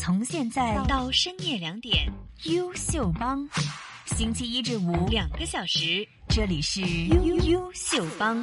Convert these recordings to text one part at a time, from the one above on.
從現在到深夜兩點，優秀幫，星期一至五兩個小時，這裏是優優秀幫。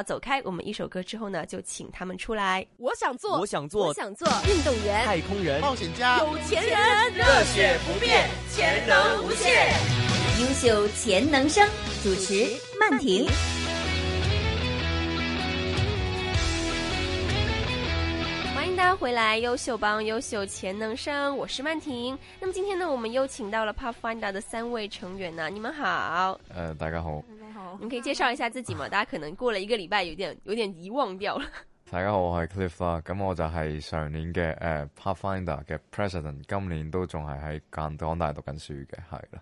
走開，我們一首歌之後呢，就請他們出來。我想做，我想做，我想做運動員、太空人、冒險家、有錢人，熱血不變，潛能無限，優秀潛能生主持曼婷，歡迎大家回來，優秀幫優秀潛能生，我是曼婷。那麼今天呢，我們邀請到了 Pop Finder 的三位成員呢，你們好。呃，大家好。你可以介紹一下自己嘛？大家可能過了一個禮拜，有點有點遺忘掉了。大家好，我係 Cliff 啦，咁我就係上年嘅誒、呃、Pathfinder 嘅 President，今年都仲係喺港大讀緊書嘅，係啦。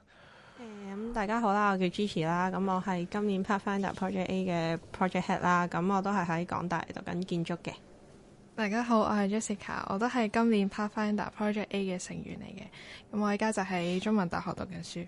誒咁大家好啦，我叫 Gigi 啦，咁我係今年 Pathfinder Project A 嘅 Project Head 啦，咁我都係喺港大讀緊建築嘅。大家好，我係 Jessica，我都係今年 Pathfinder Project A 嘅成員嚟嘅，咁我而家就喺中文大學讀緊書。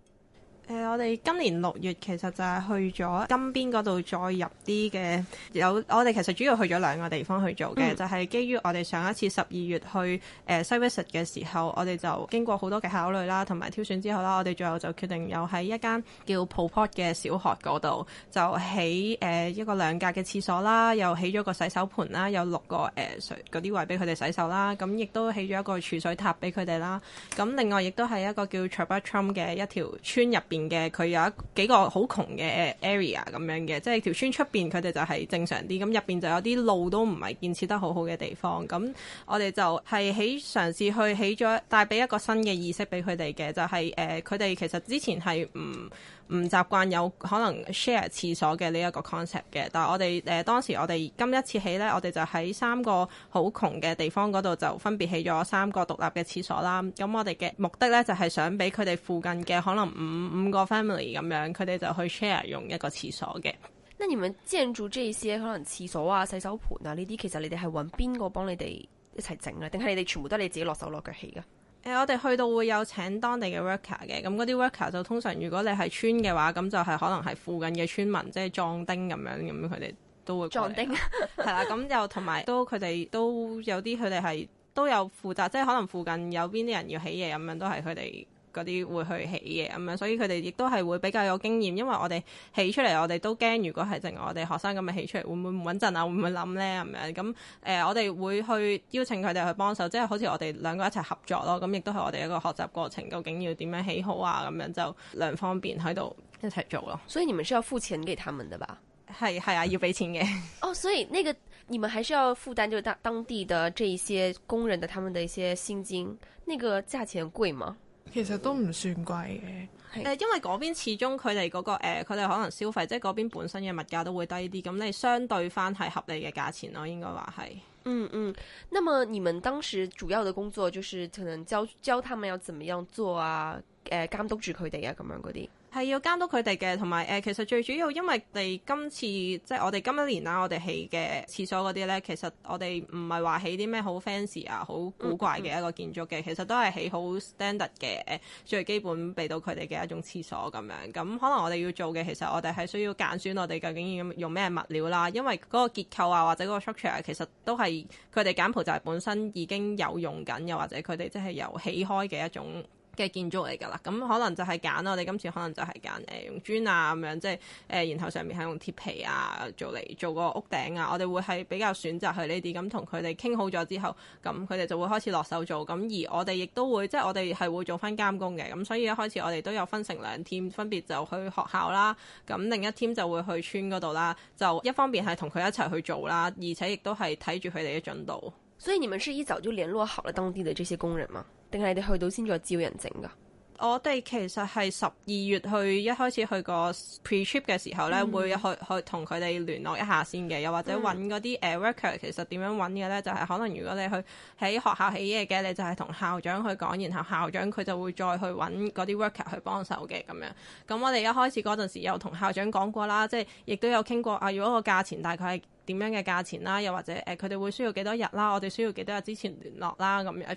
誒、呃，我哋今年六月其實就係去咗金邊嗰度，再入啲嘅有，我哋其實主要去咗兩個地方去做嘅，嗯、就係基於我哋上一次十二月去誒、呃、西維什嘅時候，我哋就經過好多嘅考慮啦，同埋挑選之後啦，我哋最後就決定又喺一間叫 Popot 嘅小學嗰度，就起誒一個兩格嘅廁所啦，又起咗個洗手盆啦，有六個誒水嗰啲位俾佢哋洗手啦，咁亦都起咗一個儲水塔俾佢哋啦。咁另外亦都係一個叫 Trabacham 嘅一條村入邊嘅佢有一幾個好窮嘅 area 咁樣嘅，即係條村出邊佢哋就係正常啲，咁入邊就有啲路都唔係建設得好好嘅地方。咁我哋就係喺嘗試去起咗，帶俾一個新嘅意識俾佢哋嘅，就係誒佢哋其實之前係唔。唔習慣有可能 share 廁所嘅呢一個 concept 嘅，但係我哋誒、呃、當時我哋今一次起呢，我哋就喺三個好窮嘅地方嗰度就分別起咗三個獨立嘅廁所啦。咁我哋嘅目的呢，就係、是、想俾佢哋附近嘅可能五五個 family 咁樣，佢哋就去 share 用一個廁所嘅。那你哋建築呢啲可能廁所啊、洗手盆啊呢啲，其實你哋係揾邊個幫你哋一齊整啊？定係你哋全部都你自己落手落腳起㗎？誒、欸，我哋去到會有請當地嘅 worker 嘅，咁嗰啲 worker 就通常如果你係村嘅話，咁就係可能係附近嘅村民，即係壯丁咁樣，咁佢哋都會壯丁，係 啦，咁又同埋都佢哋都有啲，佢哋係都有負責，即係可能附近有邊啲人要起嘢咁樣，都係佢哋。嗰啲會去起嘅咁樣，所以佢哋亦都係會比較有經驗。因為我哋起出嚟，我哋都驚，如果係淨我哋學生咁樣起出嚟，會唔會唔穩陣啊？會唔會諗咧咁樣咁誒？我哋會去邀請佢哋去幫手，即係好似我哋兩個一齊合作咯。咁亦都係我哋一個學習過程，究竟要點樣起好啊？咁樣就兩方面喺度一齊做咯。所以你們是要付錢給他們的吧？係，係啊，要俾錢嘅哦。 oh, 所以那個你們還是要負擔，就當當地的這一些工人的他們的一些薪金。那個價錢貴嗎？其實都唔算貴嘅，誒、嗯，是因為嗰邊始終佢哋嗰個佢哋、呃、可能消費，即係嗰邊本身嘅物價都會低啲，咁你相對返係合理嘅價錢咯，應該話係。嗯嗯，那麼你們當時主要嘅工作就是可能教教他們要怎麼樣做啊，誒、呃，監督住佢哋啊，咁樣嗰啲。係要監督佢哋嘅，同埋誒，其實最主要因為我哋今次即係我哋今一年啦，我哋起嘅廁所嗰啲咧，其實我哋唔係話起啲咩好 fancy 啊、好古怪嘅一個建築嘅，嗯嗯，其實都係起好 standard 嘅誒，最基本俾到佢哋嘅一種廁所咁樣。咁可能我哋要做嘅，其實我哋係需要揀選我哋究竟要用咩物料啦，因為嗰個結構啊或者嗰個 structure 啊，其實都係佢哋柬埔寨本身已經有用緊，又或者佢哋即係由起開嘅一種。嘅建築嚟㗎啦，咁可能就係揀我哋今次可能就係揀誒用磚啊咁樣，即係誒然後上面係用鐵皮啊做嚟做個屋頂啊。我哋會係比較選擇去呢啲咁，同佢哋傾好咗之後，咁佢哋就會開始落手做。咁而我哋亦都會即係我哋係會做返監工嘅。咁所以一開始我哋都有分成兩 team，分別就去學校啦，咁另一 team 就會去村嗰度啦。就一方面係同佢一齊去做啦，而且亦都係睇住佢哋嘅進度。所以你們是一早就聯絡好了當地的這些工人嗎？定係你哋去到先再招人整噶？我哋其實係十二月去，一開始去個 pre trip 嘅時候咧，嗯、會去去同佢哋聯絡一下先嘅，又或者搵嗰啲誒 worker，其實點樣搵嘅咧，嗯、就係可能如果你去喺學校起嘢嘅，你就係同校長去講，然後校長佢就會再去搵嗰啲 worker 去幫手嘅咁樣。咁我哋一開始嗰陣時有同校長講過啦，即係亦都有傾過啊，如果個價錢大概係。點樣嘅價錢啦，又或者誒，佢哋會需要幾多日啦，我哋需要幾多日之前聯絡啦，咁樣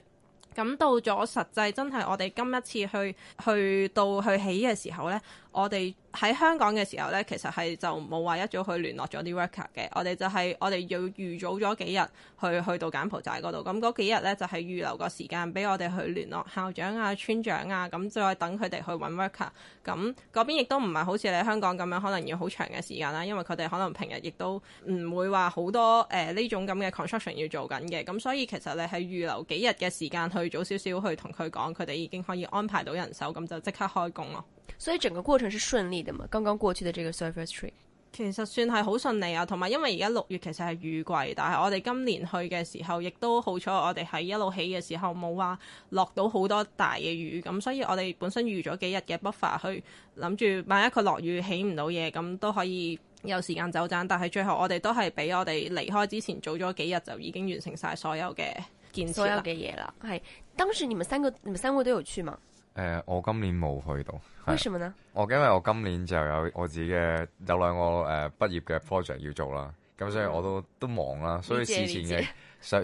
咁到咗實際，真係我哋今一次去去到去起嘅時候咧。我哋喺香港嘅時候呢，其實係就冇話一早去聯絡咗啲 worker 嘅。我哋就係、是、我哋要預早咗幾日去去到柬埔寨嗰度。咁嗰幾日呢，就係、是、預留個時間俾我哋去聯絡校長啊、村長啊，咁再等佢哋去揾 worker。咁嗰邊亦都唔係好似你香港咁樣，可能要好長嘅時間啦。因為佢哋可能平日亦都唔會話好多誒呢、呃、種咁嘅 construction 要做緊嘅。咁所以其實你係預留幾日嘅時間去早少少去同佢講，佢哋已經可以安排到人手，咁就即刻開工咯。所以整個過程是順利的嘛？剛剛過去的這個 surface trip 其實算係好順利啊，同埋因為而家六月其實係雨季，但係我哋今年去嘅時候亦都好彩，我哋喺一路起嘅時候冇話、啊、落到好多大嘅雨，咁所以我哋本身預咗幾日嘅 buffer 去諗住，萬一佢落雨起唔到嘢，咁都可以有時間走盞。但係最後我哋都係俾我哋離開之前早咗幾日就已經完成晒所有嘅建設、所有嘅嘢啦。係當時你們三個，你們三個都有去嘛？誒，我今年冇去到。為什麼呢？我因為我今年就有我自己嘅，有兩個誒畢業嘅 project 要做啦，咁所以我都都忙啦，所以事前嘅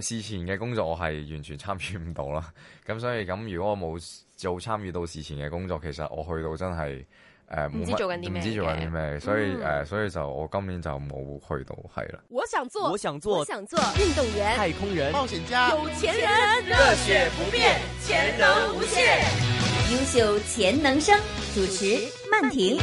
事前嘅工作我係完全參與唔到啦。咁所以咁如果我冇做參與到事前嘅工作，其實我去到真係誒唔知做緊啲咩，唔知做緊啲咩。所以誒，所以就我今年就冇去到係啦。我想做，我想做，我想做運動員、太空人、冒險家、有錢人、熱血不變、潛能無限。優秀潛能生主持曼婷，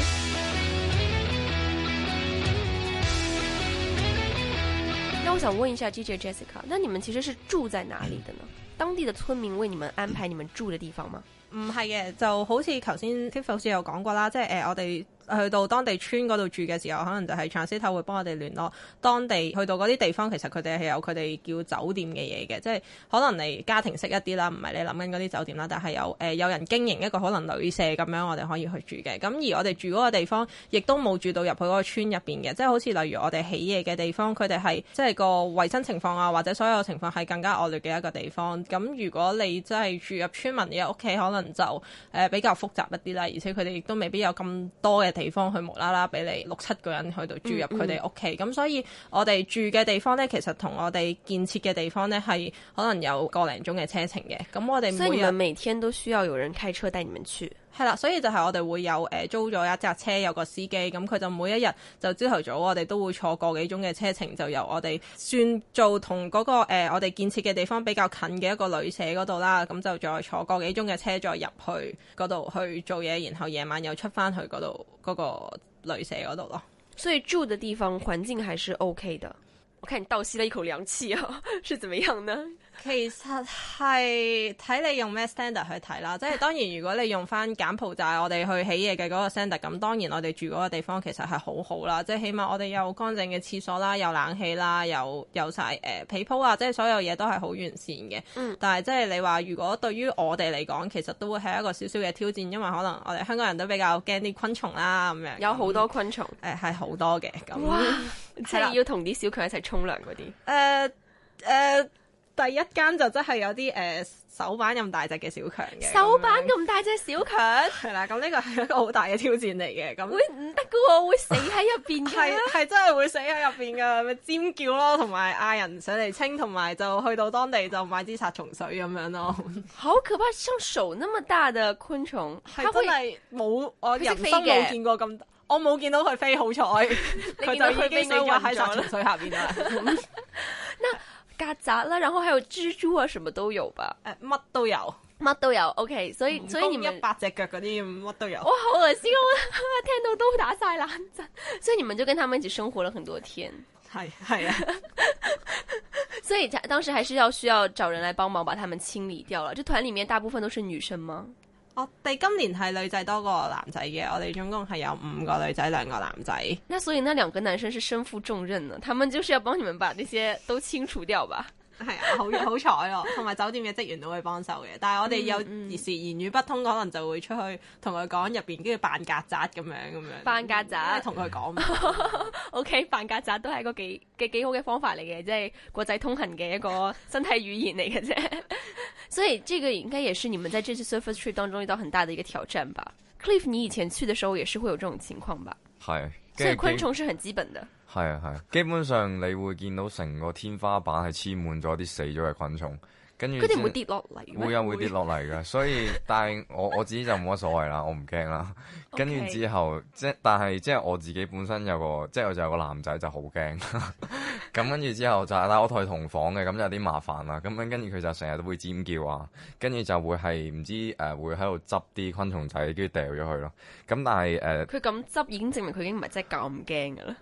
那我想問一下 JJ Jessica，那你們其實是住在哪裏的呢？當地的村民為你們安排你們住的地方嗎？唔係嘅，就好似頭先 Tiff 老師有講過啦，即係誒、呃、我哋，去到當地村嗰度住嘅時候，可能就係 translator 會幫我哋聯絡當地。去到嗰啲地方，其實佢哋係有佢哋叫酒店嘅嘢嘅，即係可能你家庭式一啲啦，唔係你諗緊嗰啲酒店啦，但係有誒、呃、有人經營一個可能旅社咁樣，我哋可以去住嘅。咁而我哋住嗰個地方，亦都冇住到入去嗰個村入邊嘅，即係好似例如我哋起嘢嘅地方，佢哋係即係個衞生情況啊，或者所有情況係更加惡劣嘅一個地方。咁如果你真係住入村民嘅屋企，可能就誒比較複雜一啲啦，而且佢哋亦都未必有咁多嘅。地方，去無啦啦俾你六七個人去到住入佢哋屋企，咁、嗯嗯、所以我哋住嘅地方咧，其實同我哋建設嘅地方咧，係可能有個零鐘嘅車程嘅。咁我哋每日所以每天都需要有人開車帶你們去。係啦，所以就係我哋會有誒、呃、租咗一架車，有個司機，咁佢就每一日就朝頭早我哋都會坐個幾鐘嘅車程，就由我哋算做同嗰、那個誒、呃、我哋建設嘅地方比較近嘅一個旅社嗰度啦，咁就再坐個幾鐘嘅車再入去嗰度去做嘢，然後夜晚又出翻去嗰度嗰個旅社嗰度咯。所以住嘅地方環境還是 O、OK、K 的。我看你倒吸了一口涼氣啊， 是怎麼樣呢？其實係睇你用咩 standard 去睇啦，即係當然如果你用翻柬埔寨我哋去起嘢嘅嗰個 standard，咁當然我哋住嗰個地方其實係好好啦，即係起碼我哋有乾淨嘅廁所啦，有冷氣啦，有有晒誒被鋪啊，即係所有嘢都係好完善嘅。嗯、但係即係你話如果對於我哋嚟講，其實都會係一個少少嘅挑戰，因為可能我哋香港人都比較驚啲昆蟲啦咁樣。有好、呃、多昆蟲，誒係好多嘅咁，哇 即係要同啲小強一齊沖涼嗰啲。誒誒、嗯。呃呃第一間就真係有啲誒，手板咁大隻嘅小強嘅，手板咁大隻小強係啦，咁呢個係一個好大嘅挑戰嚟嘅。咁會唔得噶喎？我會死喺入邊嘅，係 真係會死喺入邊噶， 尖叫咯，同埋嗌人上嚟清，同埋就去到當地就買支殺蟲水咁樣咯。好可怕，像手那麼大的昆蟲，係真係冇我人生冇見過咁，我冇見到佢飛，好彩佢變就已經死咗喺殺蟲水下面啦。那曱甴啦，然後還有蜘蛛啊，什麼都有吧？誒、呃，乜都有，乜都有。OK，所以、嗯、所以你們一百隻腳嗰啲乜都有。哇，好惡心啊、哦！ 聽到都打晒冷震。 所以你們就跟他們一起生活了很多天。系係啊。所以當時還是要需要找人來幫忙把他們清理掉了。這團裏面大部分都是女生嗎？我哋今年係女仔多過男仔嘅，我哋總共係有五個女仔，兩個男仔。那所以那兩個男生是身負重任啊！他們就是要幫你們把那些都清除掉吧。係 啊，好好彩咯，同埋酒店嘅職員都會幫手嘅。但係我哋有時言語不通，嗯、可能就會出去同佢講入邊，跟住扮曱甴咁樣咁樣。扮曱甴同佢講。O K，扮曱甴都係一個幾幾，幾好嘅方法嚟嘅，即、就、係、是、國際通行嘅一個身體語言嚟嘅啫。 所以這個應該也是你們在這次 Surface Trip 當中遇到很大的一個挑戰吧？Cliff，你以前去的時候也是會有這種情況吧？係。 所以昆蟲是很基本的。係啊係，基本上你會見到成個天花板係黐滿咗啲死咗嘅昆蟲，跟住佢哋會跌落嚟，會有、啊、會跌落嚟嘅。 所以，但係我我自己就冇乜所謂啦，我唔驚啦。Okay. 跟住之後，即係但係即係我自己本身有個，即、就、係、是、我就有個男仔就好驚。咁 跟住之後就係、是、啦我同佢同房嘅，咁就有啲麻煩啦。咁樣跟住佢就成日都會尖叫啊，跟住就會係唔知誒、呃、會喺度執啲昆蟲仔，跟住掉咗佢咯。咁但係誒，佢咁執已經證明佢已經唔係真係咁驚噶啦。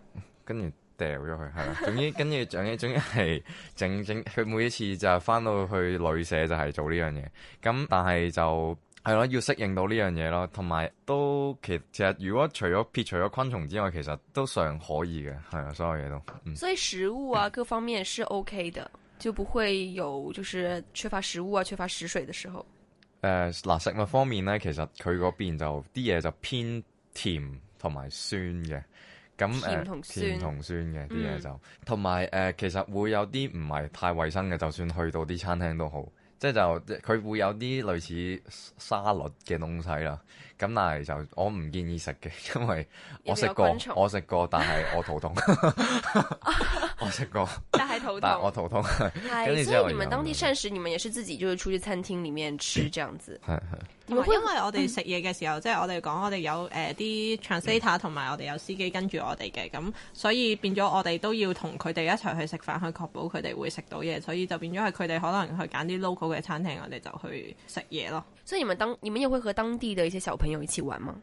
跟住掉咗佢，係啦。總之，跟住 總之，總之係整整佢每一次就係返到去旅社就係做呢樣嘢。咁但係就係咯，要適應到呢樣嘢咯。同埋都其實，其實如果除咗撇除咗昆蟲之外，其實都尚可以嘅。係啊，所有嘢都。嗯、所以食物啊，各方面是 O K 嘅， 就唔會有就是缺乏食物啊、缺乏食水嘅時候。誒、呃，嗱食物方面咧，其實佢嗰邊就啲嘢就偏甜同埋酸嘅。咁誒，那甜同酸嘅啲嘢就，同埋誒，其實會有啲唔係太衛生嘅，就算去到啲餐廳都好，即係就佢會有啲類似沙律嘅東西啦。咁但係就我唔建議食嘅，因為我食過我食過，但係我肚痛。 我食過。但頭痛， 我肚痛。係，所以你們當地膳食， 你們也是自己，就會出去餐廳裏面吃這樣子。係係，因為我哋食嘢嘅時候， 即係我哋講，我哋有誒啲 transport 同埋我哋有司機跟住我哋嘅，咁所以變咗我哋都要同佢哋一齊去食飯，去確保佢哋會食到嘢，所以就變咗係佢哋可能去揀啲 local 嘅餐廳，我哋就去食嘢咯。 所以你們當你們又會和當地的一些小朋友一起玩嗎？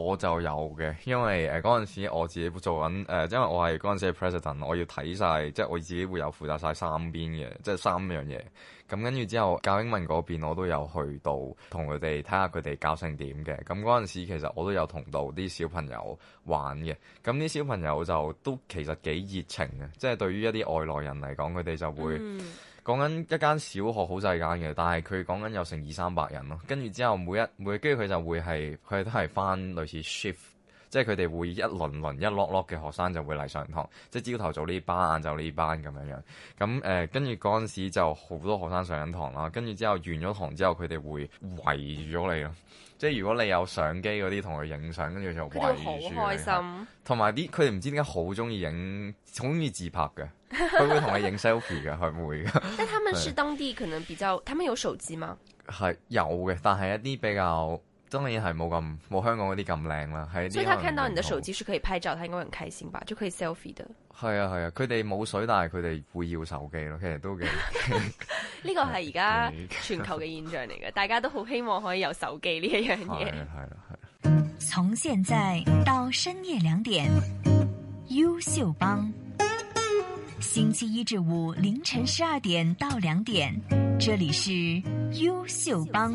我就有嘅，因為誒嗰陣時我自己做緊誒、呃，因為我係嗰陣時嘅 president，我要睇晒，即係我自己會有負責晒三邊嘅，即係三樣嘢。咁跟住之後教英文嗰邊，我都有去到同佢哋睇下佢哋教成點嘅。咁嗰陣時其實我都有同到啲小朋友玩嘅。咁啲小朋友就都其實幾熱情嘅，即係對於一啲外來人嚟講，佢哋就會。嗯講緊一間小學好細間嘅，但係佢講緊有成二三百人咯。跟住之後每，每一每跟住佢就會係。佢哋都係翻類似 shift。即係佢哋會一輪輪一落落嘅學生就會嚟上堂，即係朝頭早呢班，晏晝呢班咁樣樣。咁、嗯、誒，跟住嗰陣時就好多學生上緊堂啦。跟住之後完咗堂之後，佢哋會圍住咗你咯。即係如果你有相機嗰啲，同佢影相，跟住就圍住。佢哋好開心。同埋啲佢哋唔知點解好中意影，好中意自拍嘅，佢會同你影 selfie 嘅，佢 會嘅。即係佢哋是當地可能比較，佢哋有手機嗎？係有嘅，但係一啲比較。當然係冇咁冇香港嗰啲咁靚啦，係。所以佢看到你的手機是可以拍照，他應該會很開心吧？就可以 selfie 的。係啊係啊，佢哋冇水，但係佢哋會要手機咯。其實都幾，呢個係而家全球嘅現象嚟嘅， 大家都好希望可以有手機呢一樣嘢。係啦係。從、啊啊、現在到深夜兩點，優秀幫。星期一至五凌晨十二點到兩點，這裏是優秀幫。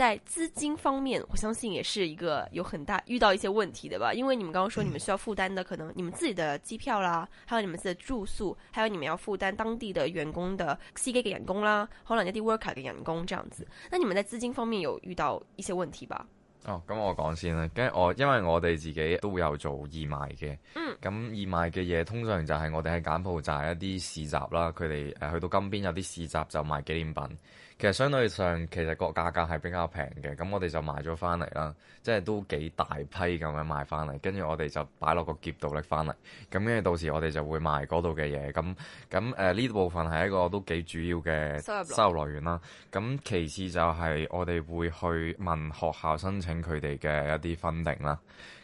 在資金方面，我相信也是一個有很大遇到一些問題的吧。因為你們剛剛說你們需要負擔的，可能你們自己的機票啦，還有你們自己的住宿，還有你們要負擔當地的員工的 C K 嘅員工啦，紅藍基地 worker 嘅員工這樣子。那你們在資金方面有遇到一些問題吧？哦，咁我講先啦，跟我因為我哋自己都會有做義賣嘅，嗯，咁義賣嘅嘢，通常就係我哋喺柬埔寨一啲市集啦，佢哋誒去到金邊有啲市集就賣紀念品。其實相對上，其實個價格係比較平嘅，咁我哋就買咗翻嚟啦，即係都幾大批咁樣買翻嚟，跟住我哋就擺落個劫度拎翻嚟，咁跟住到時我哋就會賣嗰度嘅嘢，咁咁誒呢部分係一個都幾主要嘅收入來源啦。咁其次就係我哋會去問學校申請佢哋嘅一啲 funding 啦。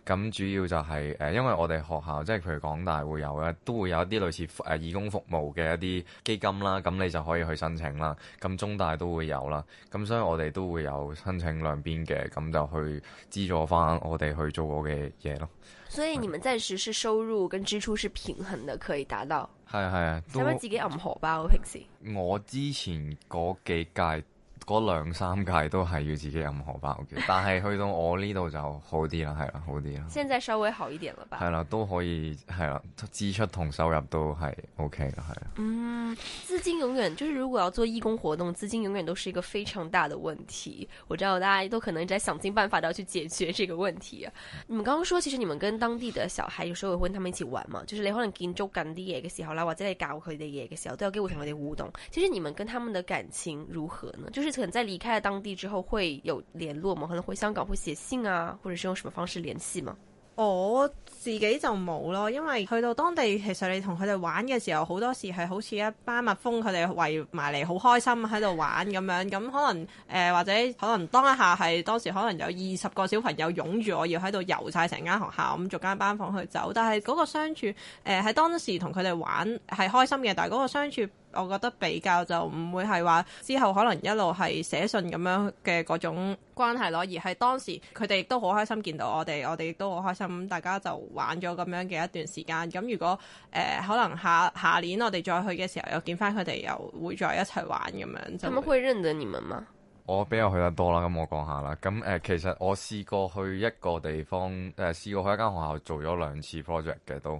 咁主要就係、是、誒，因為我哋學校即係譬如港大會有咧，都會有一啲類似誒、呃、義工服務嘅一啲基金啦，咁你就可以去申請啦。咁、嗯、中大都會有啦，咁所以我哋都會有申請兩邊嘅，咁就去資助翻我哋去做我嘅嘢咯。所以你們暫時是收入跟支出是平衡嘅，可以達到。係啊係啊，想唔都自己揼荷包平時？我，我之前嗰幾屆。嗰兩三屆都係要自己任荷包嘅，okay? 但係去到我呢度就好啲啦，係啦，好啲啦。現在稍微好一點了吧？係啦，都可以，係啦，支出同收入都係 OK 嘅，係啊。嗯，資金永遠就是如果要做義工活動，資金永遠都是一個非常大的問題。我知道大家都可能在想盡辦法都要去解決這個問題啊。你們剛剛說，其實你們跟當地的小孩有時候會跟他們一起玩嘛？就是你可能建築緊啲嘢嘅時候啦，或者係搞佢哋嘢嘅時候，都有機會同佢哋互動。其實你們跟他們的感情如何呢？就是。可能即係離開咗當地之後會有聯絡嗎？可能回香港會寫信啊，或者是用什麼方式聯繫嘛？我自己就冇咯，因為去到當地，其實你同佢哋玩嘅時候，好多時係好似一班蜜蜂圍，佢哋圍埋嚟，好開心喺度玩咁樣。咁可能誒、呃，或者可能當一下係當時可能有二十個小朋友擁住我要喺度遊晒成間學校咁，逐間班房去走。但係嗰個相處誒，喺當時同佢哋玩係開心嘅，但係嗰個相處。呃我覺得比較就唔會係話之後可能一路係寫信咁樣嘅嗰種關係咯，而係當時佢哋亦都好開心見到我哋，我哋都好開心，大家就玩咗咁樣嘅一段時間。咁如果誒、呃、可能下下年我哋再去嘅時候又見翻佢哋，又會再一齊玩咁樣。他們會認得你們嗎？我比較去得多啦，咁我講下啦。咁誒、呃，其實我試過去一個地方誒、呃，試過去一間學校做咗兩次 project 嘅都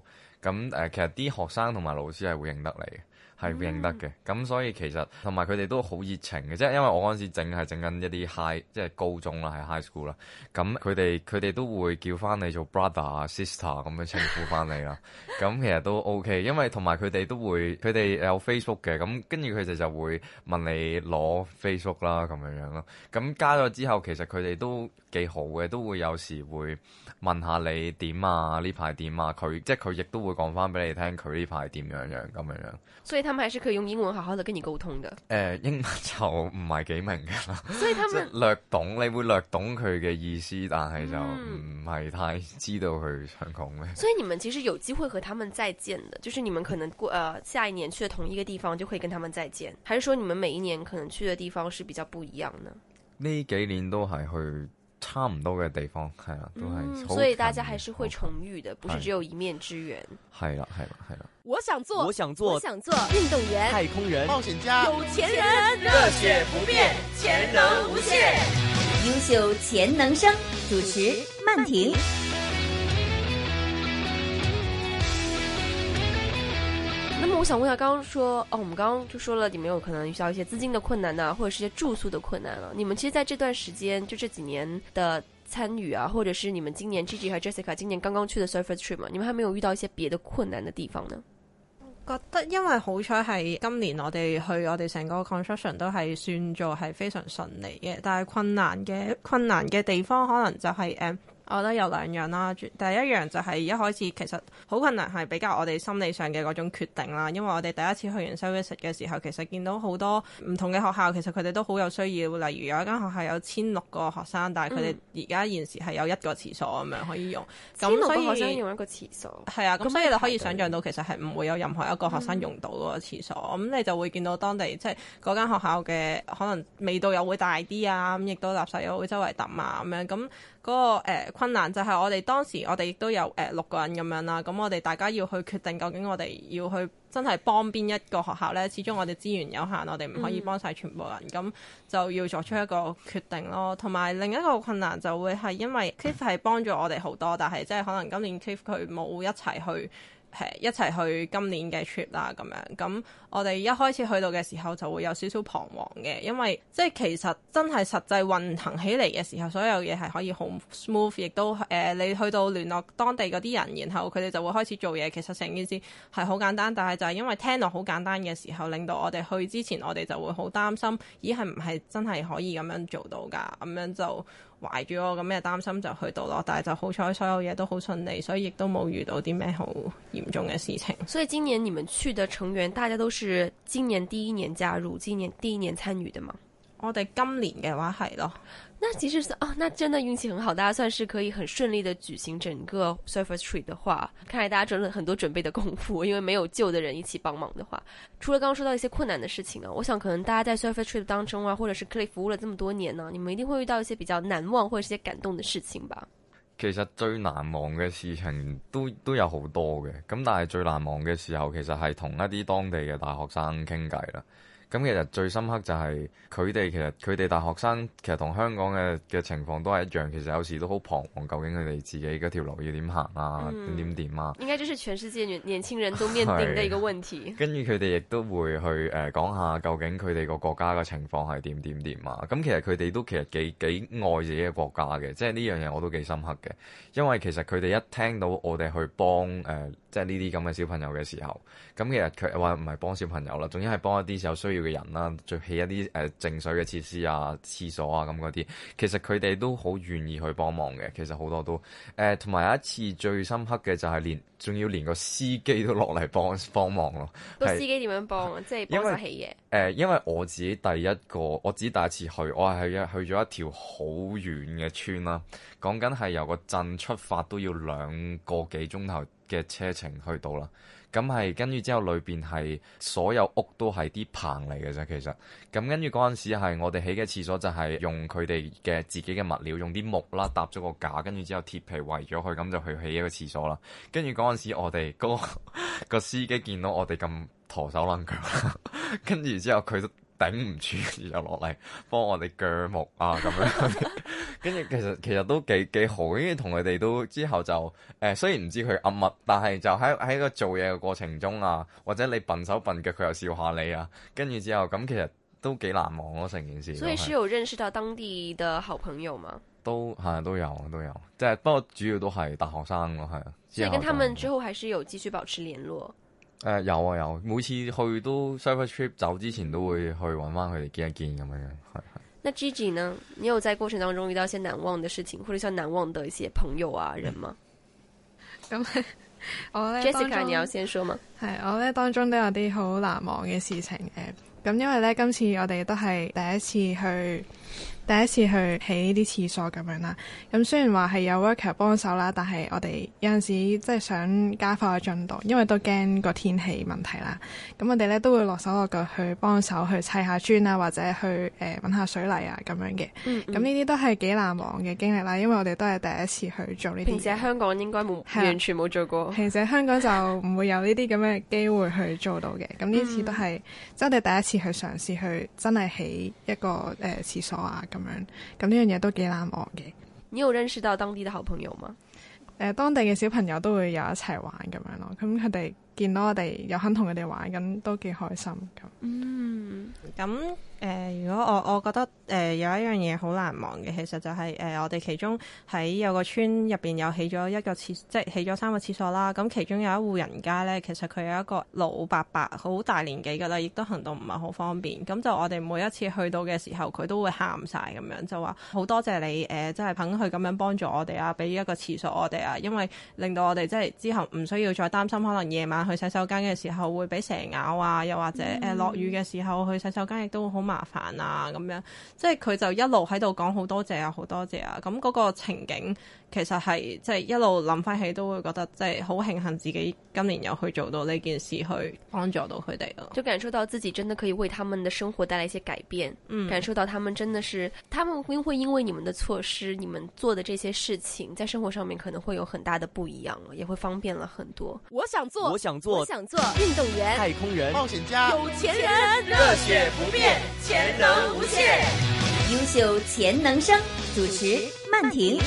咁誒、呃。其實啲學生同埋老師係會認得你嘅。係認得嘅，咁所以其實同埋佢哋都好熱情嘅，即係因為我嗰陣時淨係整緊一啲 high，即係高中啦，係 high school 啦。咁佢哋佢哋都會叫翻你做 brother 啊 sister 咁樣稱呼翻你啦。咁 其實都 OK，因為同埋佢哋都會佢哋有 Facebook 嘅，咁跟住佢哋就會問你攞 Facebook 啦咁樣樣咯。咁加咗之後，其實佢哋都幾好嘅，都會有時會問下你點啊，呢排點啊，佢、啊、即係佢亦都會講翻俾你聽佢呢排點樣樣咁樣樣。樣所以。他們還是可以用英文好好地跟你溝通的。誒、呃，英文就唔係幾明嘅啦，所以佢哋、即係 略懂，你會略懂佢嘅意思，但係就唔係太知道佢想講咩、嗯。 所以你們其實有機會和他們再見的，就是你們可能過誒、呃、下一年去同一個地方就可以跟他們再見，還是說你們每一年可能去的地方是比較不一樣呢？呢幾年都係去。差唔多嘅地方係啦，嗯、都係還，所以大家還是會重遇的，Okay. 不是只有一面之緣。係啦，係啦，係啦。我想做，我想做，我想做運動員、太空人、冒險家、有錢人，錢人熱血不變，潛能無限，優秀潛能生主持曼婷。停我想問下，剛剛說哦，我們剛剛就說了，你們有可能遇到一些資金的困難啊，或者是一些住宿的困難啊。你們其實在這段時間，就這幾年的參與啊，或者是你們今年 Gigi 和 Jessica 今年剛剛去的 Surfers Trip 嘛，你們還沒有遇到一些別的困難的地方呢？覺得因為好彩係今年我哋去我哋成個 construction 都係算做係非常順利嘅，但係困難嘅困難嘅地方可能就係、是、誒。嗯我覺得有兩樣啦，第一樣就係一開始其實好困難，係比較我哋心理上嘅嗰種決定啦。因為我哋第一次去完 service 嘅時候，其實見到好多唔同嘅學校，其實佢哋都好有需要。例如有一間學校有千六個學生，但係佢哋而家現時係有一個廁所咁樣可以用。嗯、那千六個學生用一個廁所係啊，咁的的所以你可以想象到其實係唔會有任何一個學生用到嗰個廁所咁，嗯、你就會見到當地即係嗰間學校嘅可能味道又會大啲啊，咁亦都垃圾又會周圍揼啊咁樣咁。嗰、那個、呃、困難就係我哋當時，我哋亦都有誒、呃、六個人咁樣啦。咁我哋大家要去決定究竟我哋要去真係幫邊一個學校呢？始終我哋資源有限，我哋唔可以幫晒全部人，咁、嗯、就要作出一個決定咯。同埋另一個困難就會係因為 Kief 係幫咗我哋好多，但係即係可能今年 Kief 佢冇一齊去。一齊去今年嘅 trip 啦，咁樣，咁我哋一開始去到嘅時候就會有少少彷徨嘅，因為即係其實真係實際運行起嚟嘅時候，所有嘢係可以好 smooth，亦都誒、呃、你去到聯絡當地嗰啲人，然後佢哋就會開始做嘢，其實成件事係好簡單，但係就係因為聽落好簡單嘅時候，令到我哋去之前，我哋就會好擔心，咦，係唔係真係可以咁樣做到㗎？咁樣就。懷住我咁嘅擔心就去到咯，但係就好彩，所有嘢都好順利，所以亦都冇遇到啲咩好嚴重嘅事情。所以今年你們去的成員，大家都是今年第一年加入，今年第一年參與的嘛。我哋今年嘅話係咯。那其實是哦，那真的運氣很好，大家算是可以很順利的舉行整個 Surface Tree 的話，看來大家做了很多準備的功夫，因為沒有舊的人一起幫忙的話，除了剛剛說到一些困難的事情啊，我想可能大家在 Surface Tree 當中啊，或者是 Klay 服務了這麼多年呢、啊，你們一定會遇到一些比較難忘或者是些感動的事情吧？其實最難忘嘅事情都都有好多嘅，咁但係最難忘嘅時候，其實係同一啲當地嘅大學生傾偈啦。咁其實最深刻就係佢哋，其實佢哋大學生其實同香港嘅嘅情況都係一樣，其實有時都好彷徨，究竟佢哋自己嗰條路要點行啊？點點點啊？應該就係全世界年年輕人都面臨嘅一個問題。跟住佢哋亦都會去誒、呃、講下究竟佢哋個國家嘅情況係點點點啊？咁 其實佢哋都其實幾幾愛自己嘅國家嘅，即係呢樣嘢我都幾深刻嘅，因為其實佢哋一聽到我哋去幫誒。呃即係呢啲咁嘅小朋友嘅時候，咁其實佢話唔係幫小朋友啦，仲要係幫一啲有需要嘅人啦，做起一啲誒、呃、淨水嘅設施啊、廁所啊咁嗰啲，其實佢哋都好願意去幫忙嘅。其實好多都誒，同、呃、埋有一次最深刻嘅就係連仲要連個司機都落嚟幫幫忙咯。個司機點樣幫、啊、即係幫手起嘢誒？因為我自己第一個我自己第一次去，我係去去咗一條好遠嘅村啦，講緊係由個鎮出發都要兩個幾鐘頭。嘅車程去到啦，咁係跟住之後裡面，裏邊係所有屋都係啲棚嚟嘅啫，其實咁跟住嗰陣時係我哋起嘅廁所就係用佢哋嘅自己嘅物料，用啲木啦搭咗個架，跟住之後鐵皮圍咗佢，咁就去起一個廁所啦。跟住嗰陣時我哋、那個、 個司機見到我哋咁陀手攣腳，跟 住之後佢。頂唔住就落嚟幫我哋鋸木啊咁樣， 跟住其實其實都幾幾好，因為同佢哋都之後就誒、欸，雖然唔知佢噏乜，但係就喺喺個做嘢嘅過程中啊，或者你笨手笨腳佢又笑下你啊，跟住之後咁其實都幾難忘咯、啊、成件事。所以是有認識到當地嘅好朋友嘛？都係都有都有，即係、就是、不過主要都係大學生咯，係。所以跟他們之後還是有繼續保持聯絡。誒、呃，有啊有，每次去都 service trip 走之前都會去搵翻佢哋見一見咁樣樣，係係。那 Gigi 呢？你有在過程當中遇到一些難忘嘅事情，或者像難忘的一些朋友啊人嗎？咁我 Jessica，你有先說嘛？係我咧當中都有啲好難忘嘅事情誒，咁、嗯、因為咧今次我哋都係第一次去。第一次去起呢啲廁所咁樣啦，咁雖然話係有 worker 幫手啦，但係我哋有陣時即係想加快個進度，因為都驚個天氣問題啦。咁我哋咧都會落手落腳去幫手去砌下磚啊，或者去誒搵下水泥啊咁樣嘅。咁呢啲都係幾難忘嘅經歷啦，因為我哋都係第一次去做呢啲。而且香港應該冇完全冇做過。平時喺香港就唔會有呢啲咁嘅機會去做到嘅。咁呢 次都係真係第一次去嘗試去真係起一個誒廁所啊。呃呃呃呃呃呃咁樣，咁呢樣嘢都幾難忘嘅。你有認識到當地的好朋友嗎？誒、呃，當地嘅小朋友都會有一齊玩咁樣咯。咁佢哋。見到我哋又肯同佢哋玩咁，都幾開心咁。嗯，咁誒、呃，如果我我覺得誒、呃、有一樣嘢好難忘嘅，其實就係、是、誒、呃、我哋其中喺有個村入邊有起咗一個廁，即係起咗三個廁所啦。咁其中有一戶人家咧，其實佢有一個老伯伯，好大年紀噶啦，亦都行動唔係好方便。咁就我哋每一次去到嘅時候，佢都會喊晒咁樣，就話好多謝你誒、呃，即係肯去咁樣幫助我哋啊，俾一個廁所我哋啊，因為令到我哋即係之後唔需要再擔心可能夜晚。去洗手間嘅時候會俾蛇咬啊，又或者誒落雨嘅時候去洗手間亦都好麻煩啊，咁樣即係佢就一路喺度講好多謝啊，好多謝啊，咁嗰個情景。其實係即係一路諗翻起都會覺得即係好慶幸自己今年有去做到呢件事去幫助到佢哋咯。就感受到自己真的可以為他們的生活帶來一些改變，嗯，感受到他們真的是，他們會因為你們的措施，你們做的這些事情，在生活上面可能會有很大的不一樣，也會方便了很多。我想做，我想做，我想做運動員、太空人、冒險家、有錢人，熱血不變，潛能無限，優秀潛能生主持曼婷。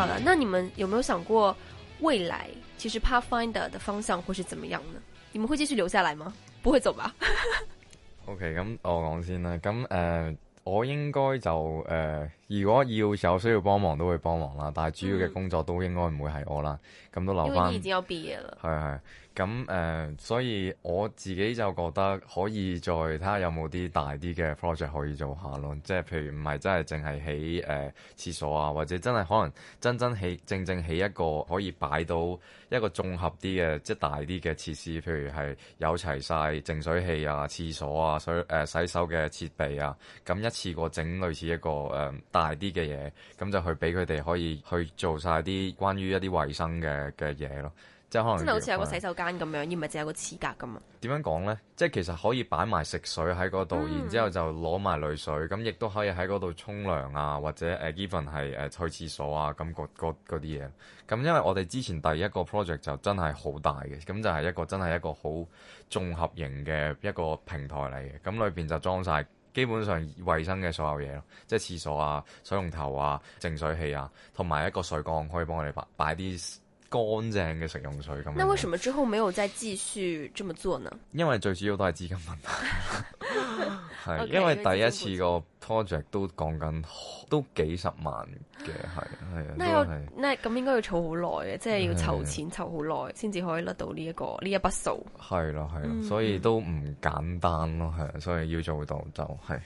好啦，那你們有沒有想過未來其實 Pathfinder 的方向會是怎麼樣呢？你們會繼續留下來嗎？不會走吧 ？OK，咁、嗯、我講先啦，咁、嗯、誒、呃，我應該就誒。呃如果要有需要幫忙都會幫忙啦，但係主要嘅工作都應該唔會係我啦。咁、嗯、都留翻，因為已經有 B 嘅啦。係係，咁誒，uh, 所以我自己就覺得可以再睇下有冇啲大啲嘅 project 可以做下咯。即係譬如唔係真係淨係起誒廁所啊，或者真係可能真真起正正起一個可以擺到一個綜合啲嘅，即係大啲嘅設施，譬如係有齊晒淨水器啊、廁所啊、水誒、呃、洗手嘅設備啊，咁一次過整類似一個誒。呃大啲嘅嘢，咁就去俾佢哋可以去做晒啲關於一啲衞生嘅嘅嘢咯，即係可能真係好似有個洗手間咁樣，樣而唔係淨係個廁格咁啊，點樣講咧？即係其實可以擺埋食水喺嗰度，嗯、然之後就攞埋濾水，咁亦都可以喺嗰度沖涼啊，或者誒 even 係誒去廁所啊，咁嗰啲嘢。咁、那個嗯、因為我哋之前第一個 project 就真係好大嘅，咁就係一個真係一個好綜合型嘅一個平台嚟嘅，咁裏邊就裝晒。基本上衛生嘅所有嘢咯，即係廁所啊、水龍頭啊、淨水器啊，同埋一個水缸可以幫佢哋擺擺啲。乾淨嘅食用水咁樣。那為什麼之後沒有再繼續這麼做呢？因為最主要都係資金問題，係因為第一次個 project 都講緊都幾十萬嘅，係係啊。咁應該要儲好耐嘅，即係要籌錢籌好耐先至可以甩到呢、這個、一個呢一筆數。係咯係咯，啊啊嗯、所以都唔簡單咯，係、啊、所以要做到就係。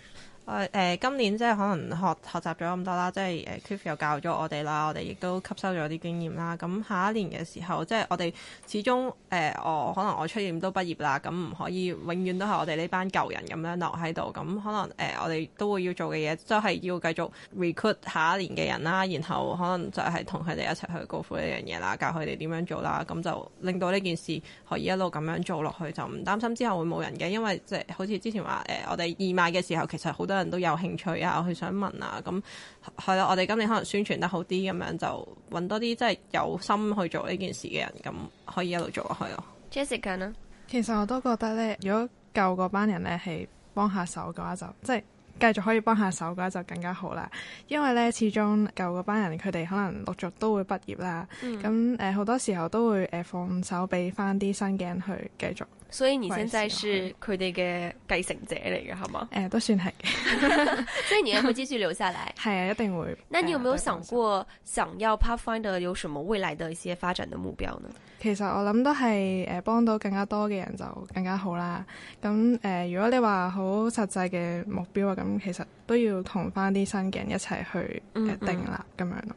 誒誒、哎，今年即係可能學學習咗咁多啦，即係誒 Kip 又教咗我哋啦，我哋亦都吸收咗啲經驗啦。咁下一年嘅時候，即係我哋始終誒，我、哎哦、可能我出年都畢業啦，咁唔可以永遠都係我哋呢班舊人咁樣留喺度。咁可能誒、哎，我哋都會要做嘅嘢，就係、是、要繼續 recruit 下一年嘅人啦，然後可能就係同佢哋一齊去 go through 呢樣嘢啦，教佢哋點樣做啦。咁就令到呢件事可以一路咁樣做落去，就唔擔心之後會冇人嘅，因為即係好似之前話誒、哎，我哋義賣嘅時候其實好多。多人都有興趣啊，佢想問啊，咁係啦，我哋今年可能宣傳得好啲，咁樣就揾多啲即係有心去做呢件事嘅人，咁可以一路做落去咯。Jessica 咧呢，其實我都覺得呢，如果舊嗰班人呢係幫下手嘅話就，就即係繼續可以幫下手嘅話，就更加好啦。因為呢，始終舊嗰班人佢哋可能陸續都會畢業啦，咁誒好多時候都會誒、呃、放手俾翻啲新嘅人去繼續。所以你現在是佢哋嘅繼承者嚟嘅，係嘛？誒、呃，都算係，所以，你你會繼續留下來。係啊， 一定會。那你有沒有想過，想要 Part Finder 有什麼未來的一些發展的目標呢？其實我諗都係誒，幫、呃、到更加多嘅人就更加好啦。咁誒、呃，如果你話好實際嘅目標啊，咁其實都要同返啲新嘅人一齊去、呃、定立咁、嗯嗯、樣咯。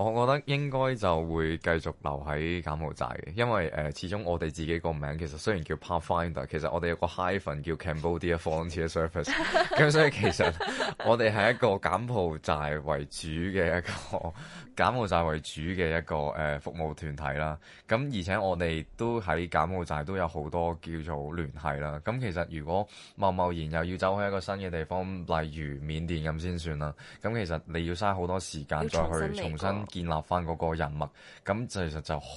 我覺得應該就會繼續留喺柬埔寨嘅，因為誒、呃，始終我哋自己個名其實雖然叫 Pathfinder，其實我哋有個 hyphen 叫 Cambodia Frontier Service，咁 所以其實我哋係一個柬埔寨為主嘅一個柬埔寨為主嘅一個誒、呃、服務團體啦。咁而且我哋都喺柬埔寨都有好多叫做聯繫啦。咁其實如果貿貿然又要走去一個新嘅地方，例如緬甸咁先算啦。咁其實你要嘥好多時間再去重新。重新建立翻嗰個人脈，咁其實就好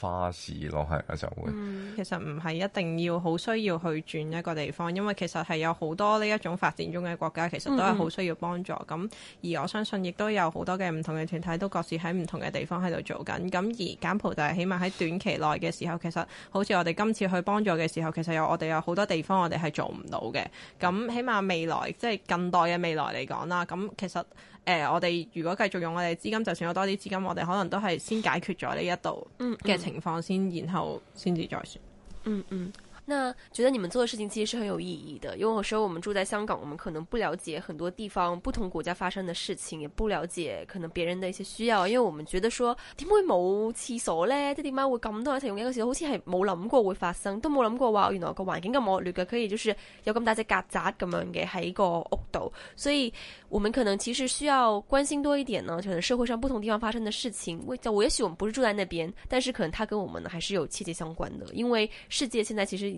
花時咯，係，就會。嗯、其實唔係一定要好需要去轉一個地方，因為其實係有好多呢一種發展中嘅國家，其實都係好需要幫助。咁、嗯嗯、而我相信亦都有好多嘅唔同嘅團體都各自喺唔同嘅地方喺度做緊。咁而柬埔寨起碼喺短期內嘅時候，其實好似我哋今次去幫助嘅時候，其實有我哋有好多地方我哋係做唔到嘅。咁起碼未來即係近代嘅未來嚟講啦，咁其實。誒、呃，我哋如果繼續用我哋資金，就算有多啲資金，我哋可能都係先解決咗呢一度嘅情況先，嗯嗯，然後先至再算。嗯嗯。那覺得你們做的事情其實是很有意義的，因為有時候我們住在香港，我們可能不了解很多地方不同國家發生的事情，也不了解可能別人的一些需要。因為我們覺得說，點 會冇廁所呢？即點解會咁多嘅，用一個時候好似係冇諗過會發生，都冇諗過話原來個環境咁惡劣嘅，可以就是有咁大隻曱甴咁樣嘅喺個屋度。所以，我們可能其實需要關心多一點呢，可能社會上不同地方發生的事情。我我也許我們不是住在那邊，但是可能它跟我們呢還是有切切相關的，因為世界現在其實。